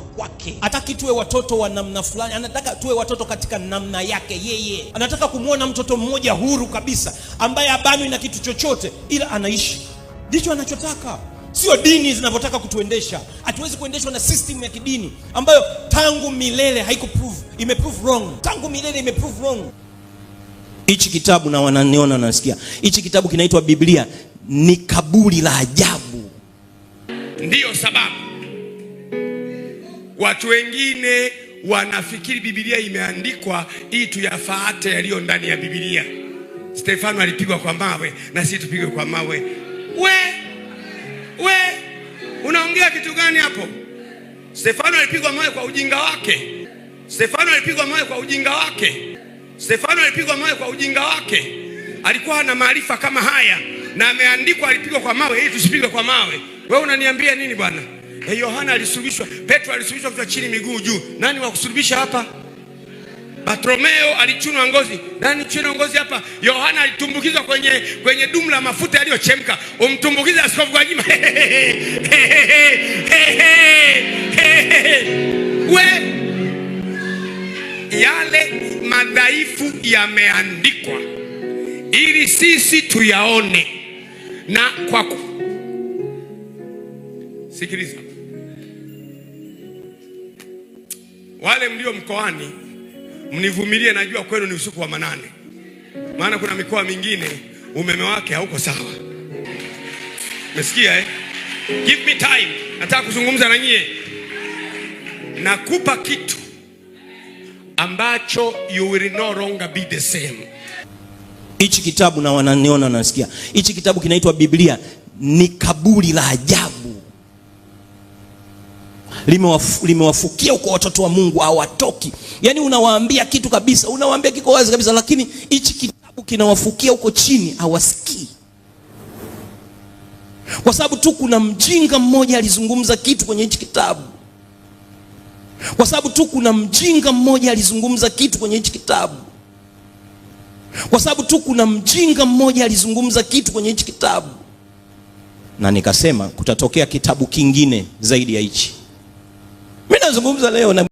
kuwa kwake. Hataki tuwe watoto wa namna fulani, anataka tuwe watoto katika namna yake yeye. Anataka kumwona mtoto mmoja huru kabisa, ambaye habanwi na kitu chochote, ila anaishi. Ndicho anachotaka, sio dini zinavyotaka kutuendesha. Hatuwezi kuendeshwa na system ya kidini ambayo tangu milele ime prove wrong, tangu milele prove wrong. Hichi kitabu na wananiona nasikia, hichi kitabu kinaitwa Biblia ni kaburi la ajabu. Ndiyo sababu Watu wengine wanafikiri Biblia imeandikwa ili tuyafuate yaliyo ndani ya Biblia. Stefano alipigwa kwa mawe na sisi tupigwe kwa mawe. We, we unaongea kitu gani hapo? Stefano alipigwa mawe kwa ujinga wake. Stefano alipigwa mawe kwa ujinga wake. Stefano alipigwa mawe kwa ujinga wake. Alikuwa na maarifa kama haya na ameandikwa alipigwa kwa mawe ili tusipigwe kwa mawe. Wewe unaniambia nini bwana? Yohana alisulubishwa, Petro alisulubishwa kichwa chini miguu juu. Nani wa kusulubisha hapa? Bartolomeo alichunwa ngozi, nani chunwa ngozi hapa? Yohana alitumbukizwa kwenye, kwenye dumu la mafuta yaliyochemka. Umtumbukize askofu jima. we yale madhaifu yameandikwa ili sisi tuyaone na kwako. Sikiliza. Wale mlio mkoani mnivumilie, najua kwenu ni usiku wa manane, maana kuna mikoa mingine umeme wake hauko sawa. Umesikia eh? Give me time, nataka kuzungumza na nyie. Nakupa kitu ambacho you will no longer be the same. Hichi kitabu na wananiona nasikia, hichi kitabu kinaitwa Biblia ni kaburi la ajabu limewafukia huko watoto wa Mungu hawatoki. Yaani unawaambia kitu kabisa, unawaambia kiko wazi kabisa, lakini hichi kitabu kinawafukia huko chini, hawasikii kwa sababu tu kuna mjinga mmoja alizungumza kitu kwenye hichi kitabu, kwa sababu tu kuna mjinga mmoja alizungumza kitu kwenye hichi kitabu, kwa sababu tu kuna mjinga mmoja alizungumza kitu kwenye hichi kitabu, na nikasema kutatokea kitabu kingine zaidi ya hichi. Mwanzo mumza leo na né?